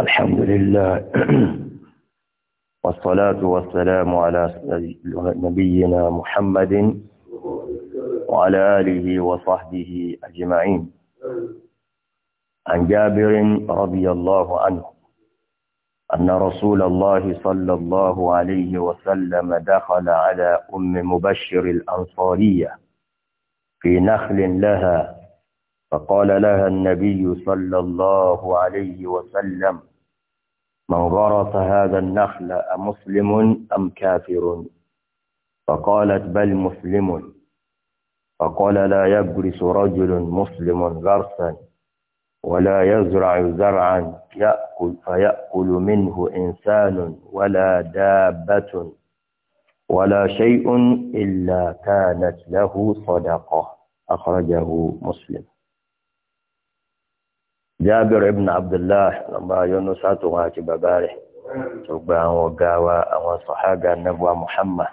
الحمد لله والصلاة والسلام على نبينا محمد وعلى آله وصحبه أجمعين عن جابر رضي الله عنه أن رسول الله صلى الله عليه وسلم دخل على أم مبشر الأنصارية في نخل لها فقال لها النبي صلى الله عليه وسلم من غرس هذا النخل أمسلم أم كافر فقالت بل مسلم فقال لا يبرس رجل مسلم غرسا ولا يزرع زرعا يأكل فيأكل منه إنسان ولا دابة ولا شيء إلا كانت له صدقة أخرجه مسلم Jabir ibn Abdullah lọ́mọ ayọ́nú sátòun àti bàbá rẹ̀ tó gba àwọn ọ̀gá wa àwọn sọ̀hága nẹ́bùa Muhammad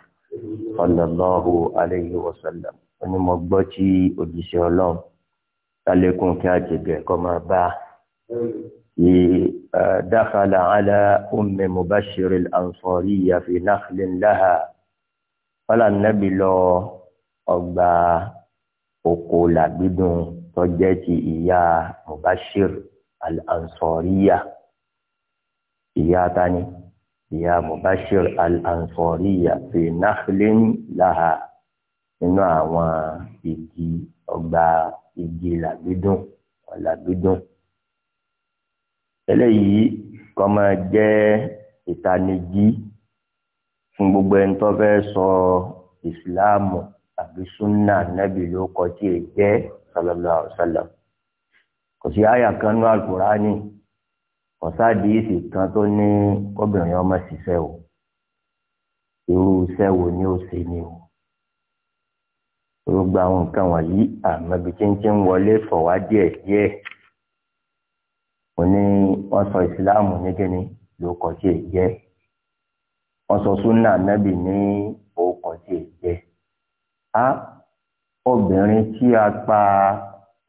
sallallahu alayhi wa sallam oní mo gbọ́ tí òjíṣẹ́ ọlọ́run tálékún kí á ti bẹ̀ kọ́ máa bá a dakhala laha wọ́n là ọgbà oko làbídùn tọ́jẹ́ ti ìyá Mubashir al-Ansoriya ìyá tani ìyá Mubashir al-Ansoriya fi nakhlin laha nínú àwọn igi ọgbà igi làbídùn làbídùn eléyìí kọ́ máa jẹ́ ìtanijí fún gbogbo ẹni tó fẹ́ sọ ìsìláàmù àbí súnà nẹ́bì ló kọ tí è jẹ́ sallallahu alaihi wasallam kò sí àyà kan ní alukurani kò sáàdì ìsì kan tó ní obìnrin ọmọ ṣiṣẹ́ o irú iṣẹ́ wo ni ó ṣe ni o gbogbo àwọn nǹkan wọ̀nyí àmọ́bi kínkín wọlé fọ̀wá díẹ̀ díẹ̀ mo ní wọ́n sọ ìsìláàmù ní kíni ló kọ́ sí èjẹ́ wọ́n sọ súnà nábì ní òkọ́ sí èjẹ́ obìnrin tí apá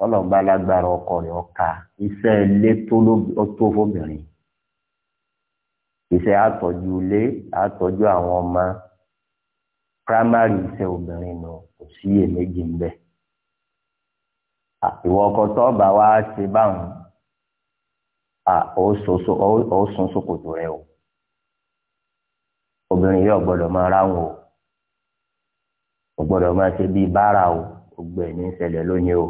ọlọ́ba lágbára ọkọ rẹ̀ ọ̀ka iṣẹ́ ilé tó fóbìnrin iṣẹ́ àtọ́jú ilé àtọ́jú àwọn ọmọ primary iṣẹ́ obìnrin nù kò sí èméjì ń bẹ. ìwọ ọkọ tọ́ọ̀bà wa ṣe báwọn ó sun ṣòkòtò rẹ o obìnrin yóò gbọ́dọ̀ máa ráwọn o. kò gbọ́dọ̀ máa ṣe bíi bára o gbogbo ẹ̀ ní ìṣẹ̀lẹ̀ lónìí o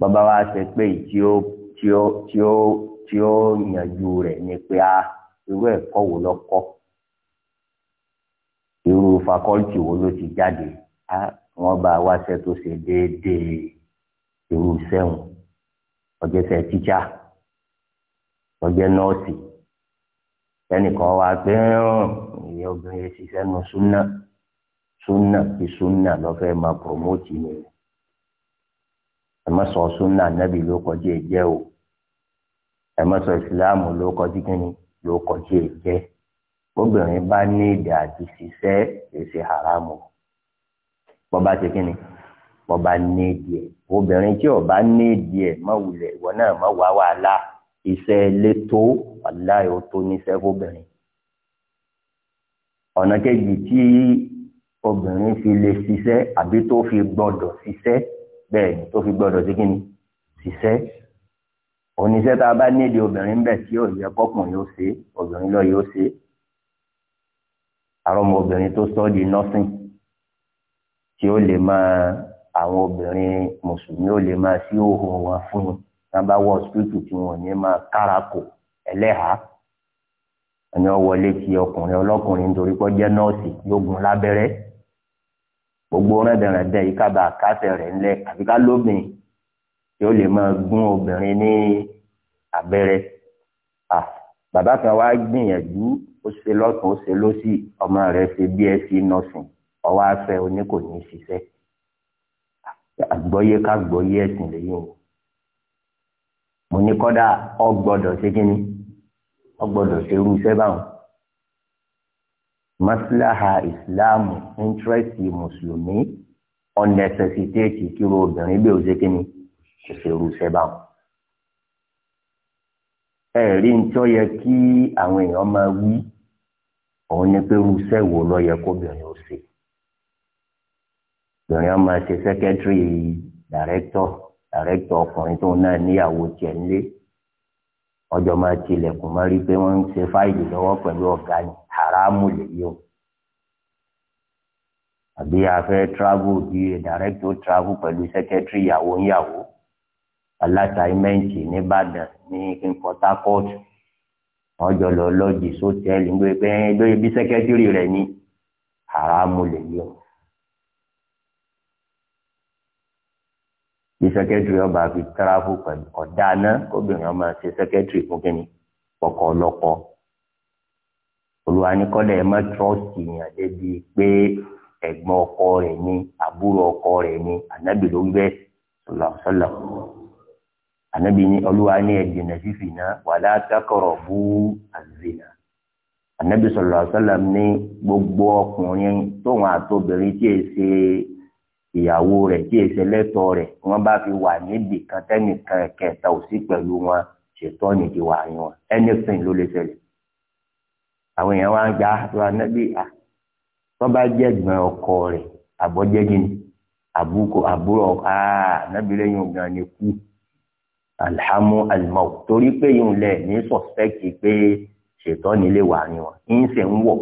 bàbá wa ṣe pé tí ó tí ó tí ó tí ó yànjú rẹ̀ ni pé a irú ẹ̀kọ́ wo lọ kọ́ irú fakọ́lítì wo ló ti jáde a wọ́n bá wa ṣe tó ṣe déédéé irú sẹ́wọ̀n ọ̀jẹ̀sẹ̀ tíṣà ọ̀jẹ̀ nọ́ọ̀sì ẹnìkan wá pé ń obìnrin ṣiṣẹ́ nu súnà sunna ti sunna lọ́fẹ́ máa promote ni ẹ má sọ sunna anabi ló kọjá ẹ jẹ́ o ẹ má sọ islam ló kọjá kíni ló kọjá ẹ jẹ́ obìnrin bá ní èdè àti ṣiṣẹ́ èsì haramu bọ́ba ti kíni bọ́ba ní èdè ẹ̀ obìnrin tí ò bá ní èdè ẹ̀ má wulẹ̀ ìwọ náà má wá wàhálà iṣẹ́ létò aláìwọ́ tó níṣẹ́ fóbìnrin ọ̀nà kejì tí obìnrin fi lè ṣiṣẹ́ àbí tó fi gbọ́dọ̀ ṣiṣẹ́ bẹ́ẹ̀ ni tó fi gbọ́dọ̀ ṣe kíni ṣiṣẹ́ oníṣẹ́ tá a bá nídìí obìnrin bẹ̀ tí òye kọkùnrin yóò ṣe obìnrin lọ yóò ṣe àrọ́mọ obìnrin tó sọ di nọ́sìn tí ó lè máa àwọn obìnrin mùsùlùmí ó lè máa sí òhun wọn fún un tá a bá wọ ọsibítù tí wọn ò ní máa káràkò ẹlẹ́hàá ẹni ọ wọlé ti ọkùnrin ọlọ́kùnrin nítorí pé ó jẹ́ nọ́ọ̀sì yóò gun lábẹ́rẹ́ gbogbo rẹ́dẹ̀rẹ́dẹ́ yìí kábà kásẹ̀ rẹ̀ ńlẹ̀ àfi ká lóbìn tí ó lè máa gún obìnrin ní abẹ́rẹ́ à bàbá kan wá gbìyànjú ó ṣe lọ́tún ó ṣe lọ́sì ọmọ rẹ̀ ṣe bsc nursing ọwọ́ afẹ́ oní kò ní í ṣiṣẹ́ àgbọ́yé ká gbọ́yé ẹ̀sìn lèyí o mo ní kọ́dà ọ gbọ́dọ̀ ṣe kínní ọ gbọ́dọ̀ ṣe irú iṣẹ́ báwọn maslaha ìsìláàmù íńtírẹ́sì mùsùlùmí ọ̀nẹ́sẹ̀sìtéètì kíro obìnrin bí òṣèké ni òṣèlú sẹ́bà wọn. ẹ̀rí ń tọ́ yẹ kí àwọn èèyàn máa wí òun ni pé irúṣẹ́ wo ló yẹ kóbìnrin ó ṣe. obìnrin ọmọ ṣe sẹ́kẹ́tìrì dàrẹ́tọ̀ dàrẹ́tọ̀ ọkùnrin tó náà níyàwó tiẹ̀ nílé ọjọ́ máa tilẹ̀kùn máa rí i pé wọ́n ń ṣe fáìlì lọ́wọ́ pẹ̀lú ọ̀gá ni haramu lèyí o àbí afẹ́ travel bí director travel pẹ̀lú secretary ìyàwó ìyàwó alátàímẹ́ǹtì nìbàdàn ní Port Harcourt wọ́n jọ lọ lọ́ọ̀jì sọ́tẹ́ẹ̀lì ń gbé pé bí secretary rẹ̀ ni haramu lèyí o. tí sẹkẹtìrì ọba fi tẹráfù pẹ̀lú ọdá náà kóbìnrin ọmọ ṣe sẹkẹtìrì fún kínní ọkọ ọlọpọ olùwà ní kọ́lẹ̀ ẹ má trọ́ọ̀sì yàn débi pé ẹ̀gbọ́n ọkọ rẹ̀ ni àbúrò ọkọ rẹ̀ ni ànábì ló ń bẹ́ sọlọ́sọlọ́ ànábì ní olùwà ní ẹ̀dìnà fífi náà wàlá takọ̀rọ̀ bú àzìnà ànábì sọlọ́sọlọ́ ní gbogbo ọkùnrin tóun àtobìnrin tí è ṣe ìyàwó rẹ̀ tí èsè lẹ́tọ̀ọ́ rẹ̀ wọ́n bá fi wà níbì kan tẹ́nìkan kẹta ò sí pẹ̀lú wọn ṣètò nìdí wà ní wọn anything ló lè ṣẹlẹ̀ àwọn èèyàn wá ń gba àdúrà nábì à wọ́n bá jẹ́ gbọ́n ọkọ rẹ̀ àbọ̀jẹ́gì ni àbúkọ àbúrò ọ̀ká nábì lẹ́yìn ọ̀gán ni kú alhamu alimau torí pé yìí ń lẹ̀ ní suspect pé ṣètò nílé wà ní wọn ń ṣe ń wọ̀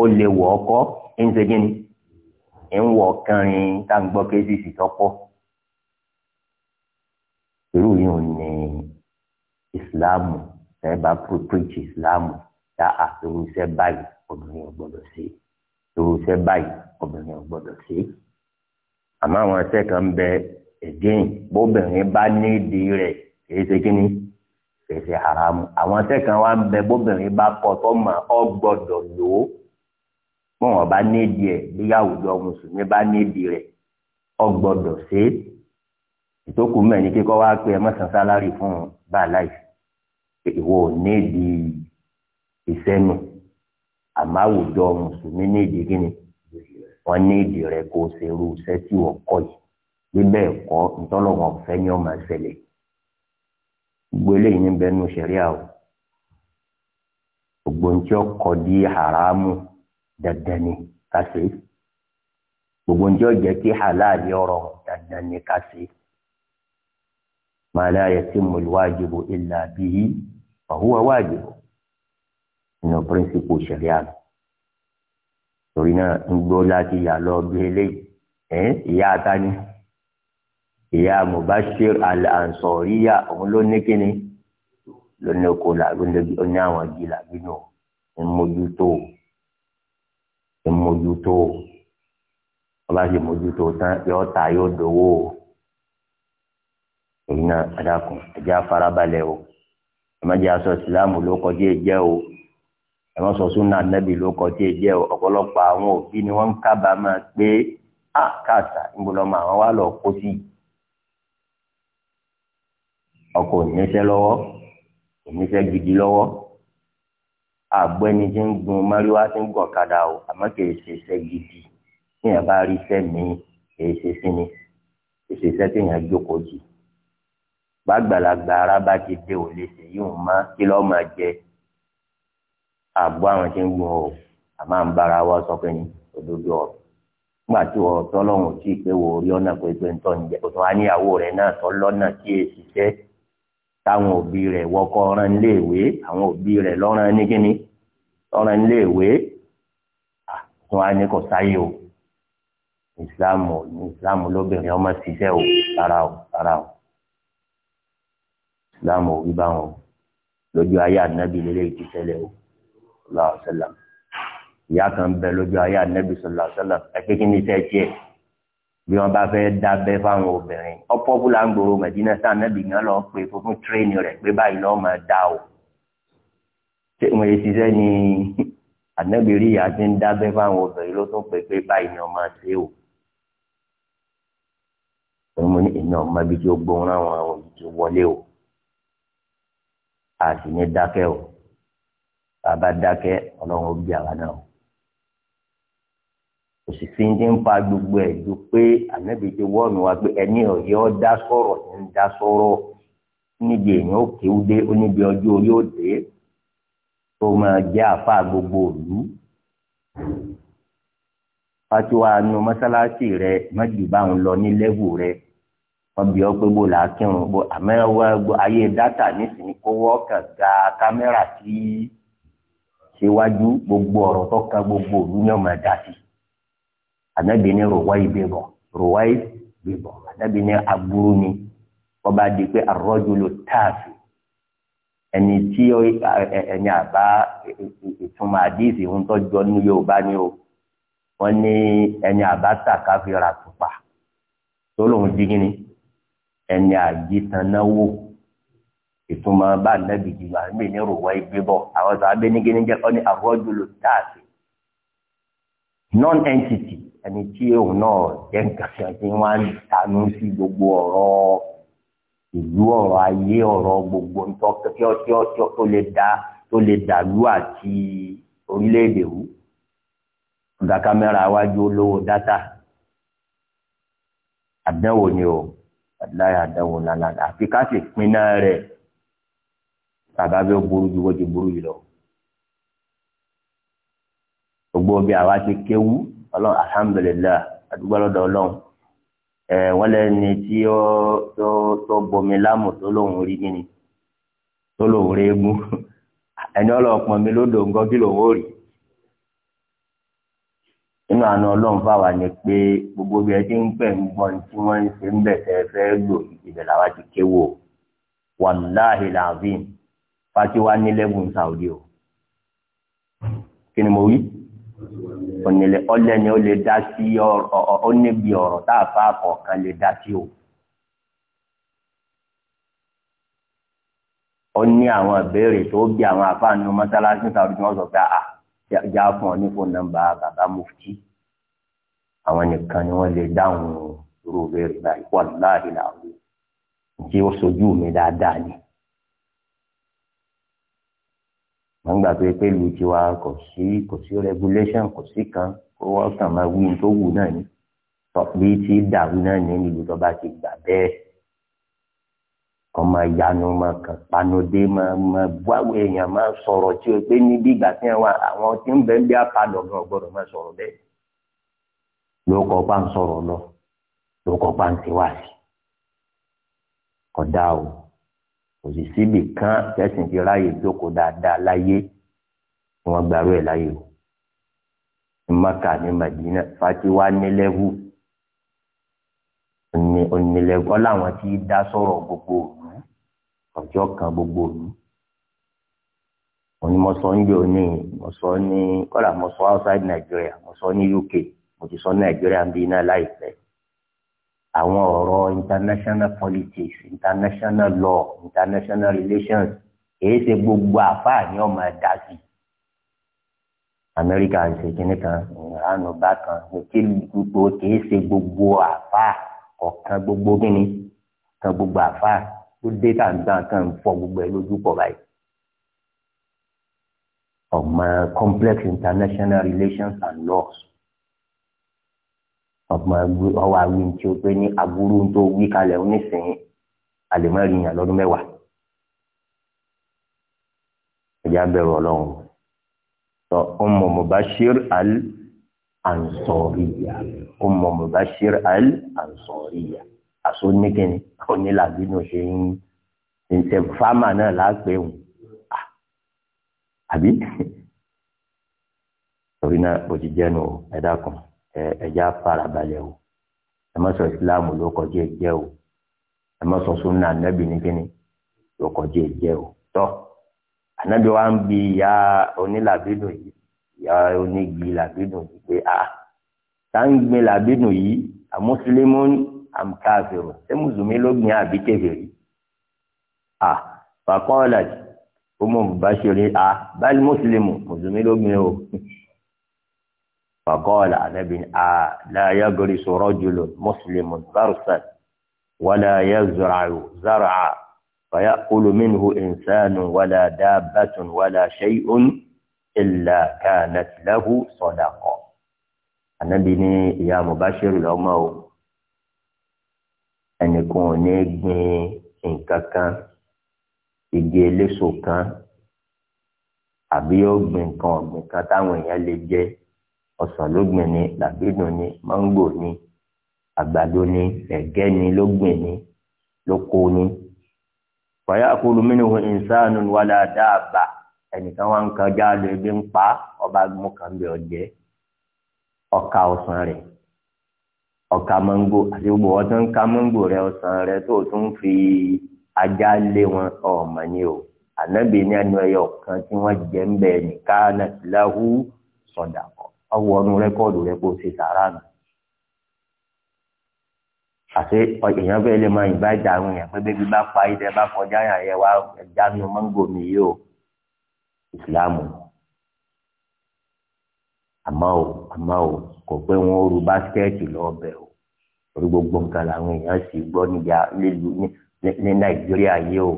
ó lè wọ̀ ọkọ́ ń ṣe gíní ẹ̀ ń wọ̀ kánrin tá à ń gbọ́ kéésìsì tọ́pọ̀ irú yìí ò ní ìsìláàmù ẹ bá preach ìsìláàmù tá a irú iṣẹ́ báyìí obìnrin ò gbọ́dọ̀ ṣe irú iṣẹ́ báyìí obìnrin ò gbọ́dọ̀ ṣe àmọ́ àwọn ẹsẹ̀ kan bẹ again bóbìnrin bá nídìí rẹ̀ kìí ṣe kí ni kìí ṣe haramu àwọn ẹsẹ̀ kan wá ń bẹ bóbìnrin bá kọ tó mọ̀ ọ́ gbọ́dọ̀ lò ó. wọn ọba nídìí ẹ bí àwùjọ mùsùlùmí bá nídìí rẹ ọgbọ́dọ̀ ṣe é ìtókù mẹ́ni kíkọ wá pé ẹ mọ̀sán sálárì fún bá láìsí ìwọ nídìí ìsẹ́nu àmọ́ àwùjọ mùsùlùmí nídìí kí ni rẹ kó tí yìí ẹ̀kọ́ ọ̀fẹ́ ni ní o ọkọ̀ di dandan ni ká ṣe gbogbo ń jọ jẹ́ kí halal ọ̀rọ̀ dandan ni ká ṣe màlá yatimu alwajibu illa bihi fa huwa wajibu nínú píríncípù ṣẹ̀ríà lọ torí náà ń gbọ́ láti yà lọ bí eléyìí ìyá atani ìyá mubashir al-ansoriya òun ló ní kíni ló ní oko làbí ní àwọn igi làbí ń mójútó ìmójútó ọba sì mójútó tán yóò ta yóò dowó o èyí náà adákùn ẹjẹ afárábalẹ̀ o ẹmẹjẹ aṣọ ìsìlámù ló kọjá ẹjẹ o ẹmọ sọ súnà nẹbi ló kọjá ẹjẹ o ọ̀pọ̀lọpọ̀ àwọn òbí ni wọ́n ń kábàámọ̀ pé a káàsà ńgbọlọmọ àwọn wà lọ kó sí ọkọ oníṣẹ́ lọ́wọ́ oníṣẹ́ gidi lọ́wọ́ àgbọ̀ ẹni tí ń gun mọ́ríwá tí ń gùn kadà o àmọ́ kìí ṣe iṣẹ́ gidi tí èèyàn bá rí iṣẹ́ míì kìí ṣe sí ni kìí ṣe iṣẹ́ tí èèyàn jókòó jì gbàgbàlagbà ara bá ti dé ò lè ṣe yóò má kí lọ́ọ́ máa jẹ àgbọ̀ àwọn tí ń gun o àmọ́ à ń bára wa sọ pé ní òdodo ọ̀rọ̀ nígbà tí ọ̀tọ́ lọ́hùn tí ìpéwò orí ọ̀nà pé pé ń tọ́ ń jẹ òtún á níyàwó rẹ̀ náà tọ́ lọ́nà tí èsì jẹ́ táwọn òbí rẹ̀ wọkọ ọ̀ràn iléèwé àwọn òbí rẹ̀ lọ́ràn nígínní lọ́ràn iléèwé tún á ní kò sáyé o ìsìláàmù ìsìláàmù lóbìnrin ọmọ ṣiṣẹ́ o rárá o rárá o ìsìláàmù òbí bá wọn lójú ayé ànábì lélẹ́yìí ti o sallallahu alaihi wasallam ìyá kan bẹ lójú ayé ànábì sallallahu alaihi wasallam ẹ pé kí ni iṣẹ́ tiẹ̀ bí wọn bá fẹ́ dábẹ́ fáwọn obìnrin ọ̀pọ̀ búlà ń gbòòrò mẹdínà sáà nẹbì yẹn lọ pé fún tírénì rẹ pé báyìí lọọ máa dá o ṣé wọn yé ṣiṣẹ́ ní ànábìrí yà ti ń dábẹ́ fáwọn obìnrin ló tún pé pé báyìí ni wọn máa ṣe o èmi ní ìná ọmọ ibi tí ó gbóhùn láwọn àwọn yìí ti wọlé o a sì ní dákẹ́ o bàbá dákẹ́ Ọlọ́run ó bí àwa náà o kò sì sí ní ń fa gbogbo ẹ̀ ju pé ànábìyẹ wọ́ọ̀nù wa pé ẹni ọ̀yẹ́ ọ́ dá sọ̀rọ̀ ń dá sọ̀rọ̀ níbi èèyàn ó kéwú dé ó níbi ọjọ́ orí ó dé tó máa jẹ́ àfa gbogbo òlú fatiwa nu mọ́sálásí rẹ mọ́jú bá ń lọ ní lẹ́wù rẹ wọ́n bí ọ pé bó la kírun bó àmẹ́wọ́ ayé dátà nísìnyí kó wọ́ọ̀kàn ga kámẹ́rà sí síwájú gbogbo ọ̀rọ̀ tó kan gbogbo òlú ní ọmọ dá sí ànábì ní rọwáì bíbọ rọwáì bíbọ ànábì ní aburú ni wọn bá di pé arọjòló táàfì ẹni tí ẹni àbá ìtumọ̀ àdìsí ń tọ́jú ní Yorùbá ni o wọn ní ẹni àbá tàkà fi ra tùpà tó lóun jí kínní ẹni ìtumọ̀ bá nàbì jù wà níbi ní rọwà ìgbébọ̀ àwọn sọ abẹ́nigínní jẹ́ ọ́ni àrọ́jùlọ táàsì non-entity ẹni tí òun náà jẹ́ nǹkan kan tí wọ́n á ń tanú sí gbogbo ọ̀rọ̀ ìlú ọ̀rọ̀ ayé ọ̀rọ̀ gbogbo ntọ́kẹ́ọ́tọ́ tó lè dá tó lè dàlú àti orílẹ̀-èdè wù. ọ̀gá kámẹ́rà wájú olówó dátà àdánwò ni o láyé àdánwò lálàdà àfi ká sì pinná rẹ̀ bàbá bẹ́ẹ̀ burú ju wọ́n ti burú yìí lọ. gbogbo bí àwa ti kéwú ọlọ́run alhamdulilayi adúgbò lọ́dọ̀ ọlọ́run ẹ wọ́n lẹ́ni tí ó tó tó bomi láàmú tó lóun rí kíni tó lóun rí egun ẹni ọlọ́pọ̀ mi lódò nǹkan kí lòun ó rí inú àna ọlọ́run fáwa ni pé gbogbo bí ẹ ti ń pẹ̀ ń gbọ́n tí wọ́n ń ṣe ń bẹ̀ tẹ́ fẹ́ lò ibẹ̀ làwa ti kéwò wàláhì làvin fatiwa ní lẹ́gùn Saudi o kí ni mo wí onílé ọlẹ́ni ó lè dá sí ọ níbi ọ̀rọ̀ tá a fa kọ̀ọ̀kan lè dá sí o. ó ní àwọn ìbéèrè tó bí àwọn afáàní mọ́sálásí tàbí tí wọ́n sọ pé à ah, já fún ọ ní fóònù nọ́mbà bàbá mufti àwọn nìkan ni wọ́n lè dáhùn irú ìbéèrè báyìí wọ́n láàrin àwọn tí ó sojú mi dáadáa ni. wọ́n gbà pé pé lu tiwa kò sí kò sí regulation kò sí kan kó wọ́n kàn máa wí tó wù náà ni bí ti dàrú náà ní ìlú tó bá ti gbà bẹ́ẹ̀ ọmọ ìyanu máa kàn panodé máa máa bú àwọn èèyàn máa sọ̀rọ̀ tí o pé níbi ìgbà tí wọn àwọn tí ń bẹ ń bí apalọ̀ náà gbọ́dọ̀ máa sọ̀rọ̀ bẹ́ẹ̀ ló kọ́ pa ń sọ̀rọ̀ lọ ló kọ́ pa ń tiwáàsì kódà o kò sì síbì kan tẹ̀sìn ti ráàyè jókòó dáadáa láyé wọn gbàrú ẹ̀ láyé o ní ní madina fatiwa nílẹ́wù onílẹ́wù ọláwọn tí dá sọ̀rọ̀ gbogbo òru ọjọ́ kan gbogbo òru onímọ̀sọ níbi òní mọ̀sọ ní kọ́là mọ̀sọ outside Nigeria mọ̀sọ ní UK mo ti sọ Nigeria ń bí iná láìpẹ́ àwọn ọ̀rọ̀ international politics international law international relations èyí ṣe gbogbo àfáà ni ọmọ ẹ̀dá sí amẹ́ríkà ń ṣe kínní kan ìrànú bá kan kí gbogbo kìí ṣe gbogbo àfáà ọ̀kan gbogbo kínní kan gbogbo àfáà tó dé tàǹtà kan fọ gbogbo ẹ lójú pọ̀ báyìí ọmọ complex international relations and laws ọwọ́ awi tí o pé ní aburú tó wí kalẹ̀ onísìnyí àlèmọ́rin yàn lọ́dún mẹ́wàá ẹ̀yà bẹ̀rù ọlọ́run sọ Ummu Mubashir al-Ansoriya Ummu Mubashir al-Ansoriya àṣọ nìkẹ́ni onílàbínú ṣe ń ṣe fámà náà láàpẹ̀ òun àbí torí náà òjijẹ́ nù ẹ̀dá kan ẹ̀já farabalẹ̀ o ẹ má sọ ìsìláàmù ló kọjá ẹ̀jẹ̀ o ẹ má sọ súnà ànábì ní kíni ló kọjá ẹ̀jẹ̀ o tọ́ ànábì wa ń bi ìyá onílàbídùn yìí ìyá onígi làbídùn yìí pé a tá ń gbin làbídùn yìí àmúsùlùmí àmkàfẹ́rù ṣé mùsùlùmí ló gbin àbí kèfèrí a fàkọ́ọ̀lá ọmọ bàbá ṣe rí a báyìí mùsùlùmí mùsùlùmí ló gbin o. فقال النبي لا يجلس رجل مسلم برسا ولا يزرع زرعا فيأكل منه إنسان ولا دابة ولا شيء إلا كانت له صدقة النبي يا مباشر الأمة أن يكون نجمي إن kan يجلس eléso kan àbí ó gbìn nǹkan kan táwọn èèyàn lè jẹ ọsàn ló gbìn ni làbínú ni máńgò ni àgbàdo ni ẹ̀gẹ́ ni ló gbìn ni ló kó ni. fàyà kúlù mí ni wọn ìsánú wàlá dáàbà ẹnìkan wà ń kọjá lọ ebi ń pa ọba mú kan bẹ ọjẹ ọkà ọsàn rẹ ọkà mango àti gbogbo ọtí ń ka mango rẹ ọsàn rẹ tó o tún fi ajá lé wọn ọmọ ni o ànábì ní ẹnu ẹyọ kan tí wọn jẹ ń bẹ nìkan náà láhù sọdà ọwọ́ ọdún rẹ́kọ́ọ̀dù rẹ kó o ṣe sàárà nù. àti èèyàn bẹ́ẹ̀ lè máa yìnbá ìjà àwọn èèyàn pé bébí bá pa ìdẹ bá kọjá yàn yẹ wá ẹja nu mọ́ngò mi yìí o ìsìláàmù àmọ́ o àmọ́ o kò pé wọ́n ó ru báskẹ́ẹ̀tì lọ́ọ̀bẹ̀ o orí gbogbo nǹkan làwọn èèyàn sì gbọ́ níjà ní Nàìjíríà yìí o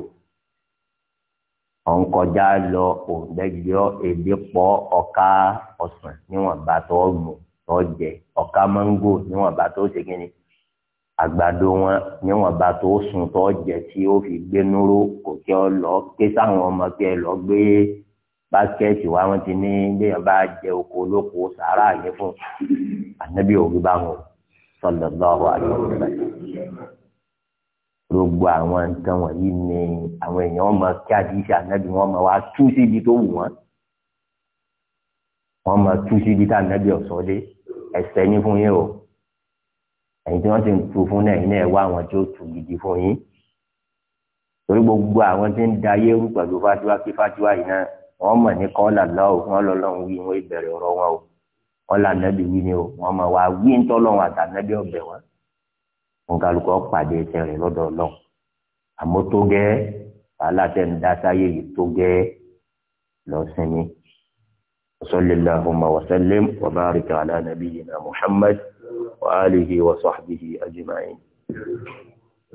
ọ̀nkọjá lọ òǹdẹ́jọ́ èdè pọ̀ ọ̀ka ọ̀sán níwọ̀nba tó mú tó jẹ ọ̀ka máńgò níwọ̀nba tó ṣe kínní àgbàdo wọn níwọ̀nba tó sùn tó jẹ tí ó fi gbé núró kò kí ọ lọ ké sáwọn ọmọ kí ẹ lọ gbé báskẹ́ẹ̀tì wa wọn ti ní bẹ́ẹ̀ bá jẹ oko olóko sàárà yẹn fún ànábì òbí bá wọn sallallahu alaihi wasallam gbogbo àwọn nǹkan wọ̀nyí ni àwọn èèyàn máa kí àdìsí ànábì wọn máa wá tú síbi tó wù wọn wọn máa tú síbi tá ànábì ọ̀sán dé ẹ̀sẹ̀ ní fún yín o ẹ̀yin tí wọ́n ti ń tu fún náà yín náà wá àwọn tí ó tu gidi fún yín torí gbogbo àwọn tí ń da ayé rú pẹ̀lú fatiwa kí fatiwa yìí náà wọ́n mọ̀ ní kọ́ làlá o wọ́n lọ́ wí wọ́n ìbẹ̀rẹ̀ ọ̀rọ̀ wọn o wọ́n lànàbì wí ni o wọ́n máa wá wí ń tọ́ lọ́hùn àtànàbì ọ̀bẹ̀ wọn wọn kálukọ pàdé tẹrẹ lọ́dọ̀ Ọlọ́run àmọ́ tó gẹ́ wàhálà tẹ̀ ń dá sáyé yìí tó gẹ́ lọ sinmi sallallahu wa sallim wa barika ala nabiyyina Muhammad wa alihi wa sahbihi ajma'in.